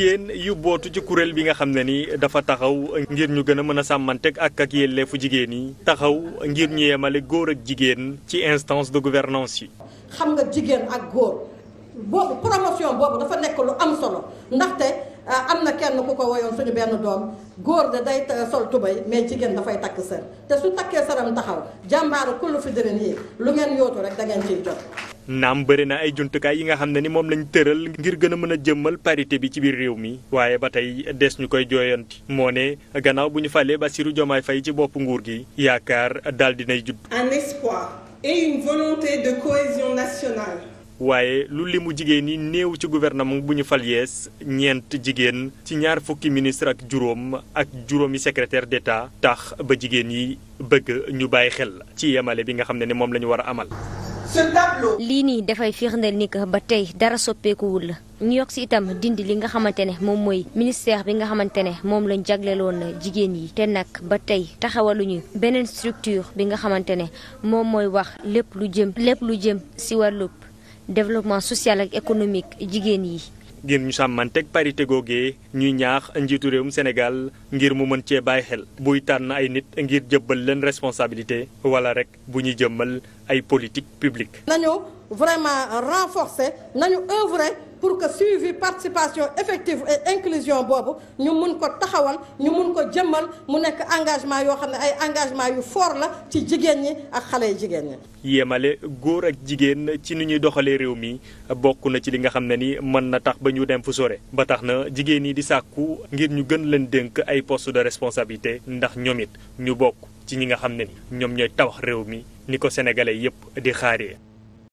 yéen yu bootu ci kuréel bi nga xam ne ni dafa taxaw ngir ñu gën a mën a sàmmanteeg ak ak yelleefu jigéen yi taxaw ngir ñu yemale góor ak jigéen ci instance de gouvernance yi xam nga jigéen ak góor boobu promotion boobu dafa nekk lu am solo ndaxte euh, am na kenn ku ko woyoon suñu benn doom góor de day sol tubay mais jigéen dafay takk sër te su takkee sëram taxaw jàmbaaru kullu fi dirin yi lu ngeen yootu rek da ciy jot naam bëri na ay jumtukaay yi nga xam ne ni moom lañu tëral ngir gën a mën a jëmmal parité bi ci biir réew mi waaye ba tey des ñu koy jooyanti moo ne gannaaw bu ñu falee Bassirou Diomaye fay ci boppu nguur gi yaakaar daal dinay judd. un espoir et une volonté de cohésion nationale. waaye lu li mu jigéen ñi néew ci gouvernement bu ñu fal yees ñeent jigéen ci ñaar fukki ministre ak juróom ak juróomi secrétaire d'État tax ba jigéen yi bëgg ñu bàyyi xel ci yemale bi nga xam ne ni moom la ñu war a amal. lii nii dafay firndeel ni que ba tey dara soppeekuwul la ñu yokk si itam dindi li nga xamante ne moom mooy ministère bi nga xamante ne moom lañ jagleloon jigéen yi te nag ba tey taxawaluñu beneen structure bi nga xamante ne moom mooy wax lépp lu jëm lépp lu jëm si wàllub développement social ak économique jigéen yi ngir ñu sàmmanteeg parité googee ñuy ñaax njiitu réewum Sénégal ngir mu mën cee bàyyi xel buy tànn ay nit ngir jëbbal leen responsabilité wala rek bu ñu jëmmal ay politique publique. nañu vraiment renforcer nañu œuvrer pour que suivi participation effective et inclusion boobu ñu mën ko taxawal ñu mën ko jëmmal mu nekk engagement yoo xam ne ay engagement yu fort la ci jigéen ñi ak xale yi jigéen ñi. yéemale góor ak jigéen ci ni ñuy doxalee réew mi bokk na ci li nga xam ne ni mën na tax ba ñu dem fu sore ba tax na jigéen ñi di sàkku ngir ñu gën leen dénk ay postes de responsabilité ndax ñoom it ñu bokk ci ñi nga xam ne ni ñoom ñooy tawax réew mi ni ko sénégalais yëpp di xaaree.